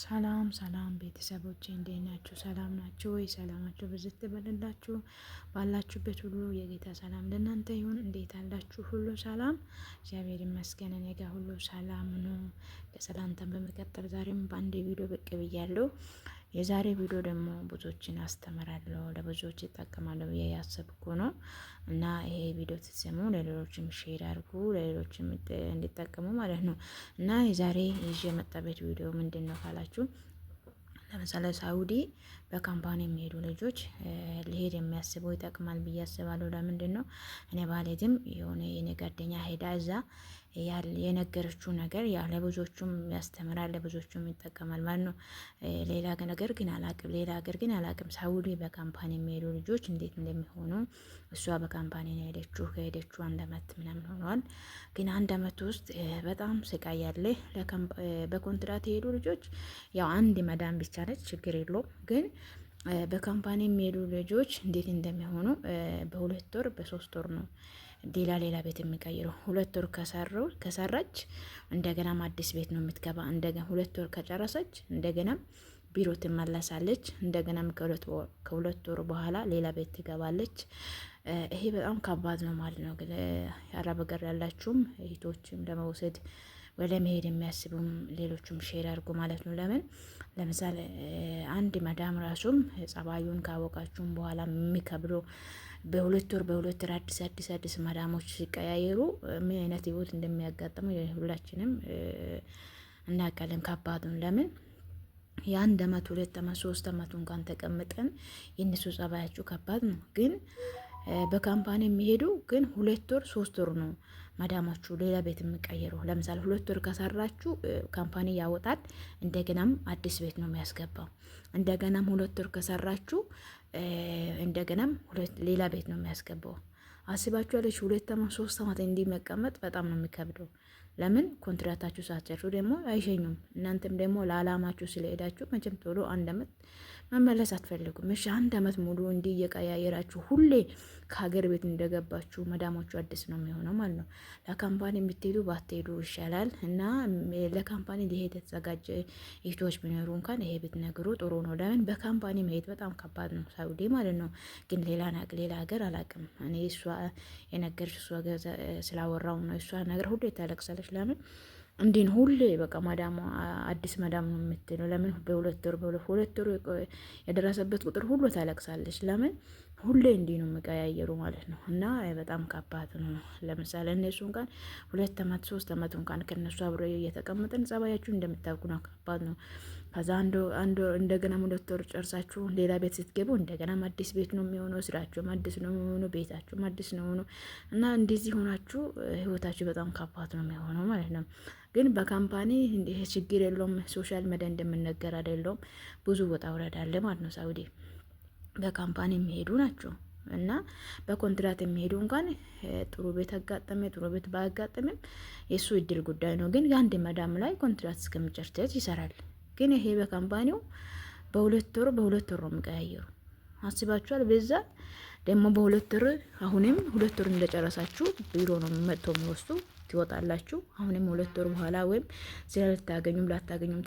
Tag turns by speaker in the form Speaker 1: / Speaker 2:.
Speaker 1: ሰላም ሰላም ቤተሰቦቼ እንዴት ናችሁ? ሰላም ናችሁ ወይ? ሰላማችሁ ብዝት ትበልላችሁ። ባላችሁበት ሁሉ የጌታ ሰላም ለእናንተ ይሁን። እንዴት አላችሁ? ሁሉ ሰላም እግዚአብሔር ይመስገን። እኔ ጋር ሁሉ ሰላም ነው። ለሰላምታን በመቀጠል ዛሬም በአንድ ቪዲዮ ብቅ ብያለሁ። የዛሬ ቪዲዮ ደግሞ ብዙዎችን አስተምራለሁ፣ ለብዙዎች ይጠቀማለሁ ብዬ ያሰብኩ ነው እና ይሄ ቪዲዮ ትሰሙ ለሌሎችም ሼር አድርጉ፣ ለሌሎችም እንዲጠቀሙ ማለት ነው እና የዛሬ ይዤ የመጣበት ቪዲዮ ምንድን ነው ካላችሁ ለምሳሌ ሳውዲ በካምፓኒ የሚሄዱ ልጆች ሊሄድ የሚያስበው ይጠቅማል ብዬ አስባለሁ። ለምንድን ነው እኔ ባሌትም የሆነ የኔ ጓደኛ ሄዳ እዛ የነገረችው ነገር ያ ለብዙዎቹም ያስተምራል፣ ለብዙዎቹም ይጠቀማል ማለት ነው። ሌላ ነገር ግን አላቅም፣ ሌላ ገር ግን አላቅም። ሳውዲ በካምፓኒ የሚሄዱ ልጆች እንዴት እንደሚሆኑ እሷ በካምፓኒ ነው ሄደችው። ከሄደችው አንድ አመት ምናምን ሆኗል። ግን አንድ አመት ውስጥ በጣም ስቃይ ያለ በኮንትራት የሄዱ ልጆች ያው አንድ መዳም ብቻ ችግር የለው ግን በካምፓኒ የሚሄዱ ልጆች እንዴት እንደሚሆኑ በሁለት ወር በሶስት ወር ነው ሌላ ሌላ ቤት የሚቀይረው። ሁለት ወር ከሰራች እንደገናም አዲስ ቤት ነው የምትገባ። እንደገና ሁለት ወር ከጨረሰች እንደገናም ቢሮ ትመለሳለች። እንደገናም ከሁለት ወር በኋላ ሌላ ቤት ትገባለች። ይሄ በጣም ከባድ ነው ማለት ነው። አረብ አገር ያላችሁም እህቶችም ለመውሰድ ወደ መሄድ የሚያስቡም ሌሎቹም ሼር አድርጎ ማለት ነው። ለምን ለምሳሌ አንድ መዳም ራሱም ጸባዩን ካወቃችሁም በኋላ የሚከብዶ በሁለት ወር በሁለት ወር አዲስ አዲስ አዲስ መዳሞች ሲቀያየሩ ምን አይነት ህይወት እንደሚያጋጥመው ሁላችንም እናውቃለን። ከባዱን ለምን የአንድ አመት ሁለት አመት ሶስት አመት እንኳን ተቀምጠን የእነሱ ጸባያችሁ ከባድ ነው ግን በካምፓኒ የሚሄዱ ግን ሁለት ወር ሶስት ወር ነው ማዳማችሁ ሌላ ቤት የሚቀየሩ። ለምሳሌ ሁለት ወር ከሰራችሁ ካምፓኒ ያወጣል። እንደገናም አዲስ ቤት ነው የሚያስገባው። እንደገናም ሁለት ወር ከሰራችሁ እንደገናም ሌላ ቤት ነው የሚያስገባው። አስባችሁ ያለች ሁለት ዓመት ሶስት ዓመት እንዲህ መቀመጥ በጣም ነው የሚከብደው። ለምን ኮንትራታችሁ ሳትጨርሱ ደግሞ አይሸኙም። እናንተም ደግሞ ለአላማችሁ ስለሄዳችሁ መቼም ቶሎ አንድ አመት መመለስ አትፈልጉም። እሺ አንድ አመት ሙሉ እንዲህ እየቀያየራችሁ ሁሌ ከሀገር ቤት እንደገባችሁ መዳሞቹ አዲስ ነው የሚሆነው ማለት ነው። ለካምፓኒ የምትሄዱ ባትሄዱ ይሻላል እና ለካምፓኒ ሊሄድ የተዘጋጀ እህቶች ቢኖሩ እንኳን ይሄ ብትነግሩ ጥሩ ነው። ለምን በካምፓኒ መሄድ በጣም ከባድ ነው፣ ሳውዲ ማለት ነው። ግን ሌላ ሌላ ሀገር አላቅም እኔ እሷ የነገረች እሷ ስላወራው ነው እሷ ነገር ሁሉ የታለቅሰለች ገባሽ? ለምን እንዲን ሁሌ በቃ ማዳም አዲስ መዳም ነው የምትለው። ለምን በሁለት ወር በሁለት ወር የደረሰበት ቁጥር ሁሉ ታለቅሳለች። ለምን ሁሌ እንዲህ ነው የሚቀያየሩ ማለት ነው። እና በጣም ከባድ ነው። ለምሳሌ እነሱ እንኳን ሁለት አመት ሶስት አመት እንኳን ከነሱ አብሮ እየተቀመጠን ጸባያችሁ እንደምታውቁ ነው። ከባድ ነው። ከዛ እንደገና ሁለት ወር ጨርሳችሁ ሌላ ቤት ስትገቡ እንደገናም አዲስ ቤት ነው የሚሆነው። ስራችሁም አዲስ ነው የሚሆነው። ቤታችሁም አዲስ ነው የሚሆነው እና እንደዚህ ሆናችሁ ህይወታችሁ በጣም ከባድ ነው የሚሆነው ማለት ነው። ግን በካምፓኒ ይሄ ችግር የለውም። ሶሻል መደን እንደምነገር አይደለውም። ብዙ ወጣ ውረድ አለ ማለት ነው። ሳውዲ በካምፓኒ የሚሄዱ ናቸው እና በኮንትራት የሚሄዱ እንኳን ጥሩ ቤት አጋጠመ ጥሩ ቤት ባያጋጠምም የእሱ እድል ጉዳይ ነው። ግን የአንድ መዳም ላይ ኮንትራት እስከሚጨርስ ይሰራል። ግን ይሄ በካምፓኒው በሁለት ወር በሁለት ወር ነው የሚቀያየሩ። አስባችኋል? በዛ ደግሞ በሁለት ወር አሁንም ሁለት ወር እንደጨረሳችሁ ቢሮ ነው መጥቶ የሚወስዱ ትወጣላችሁ። አሁንም ሁለት ወር በኋላ ወይም ስለ ልታገኙም ላታገኙም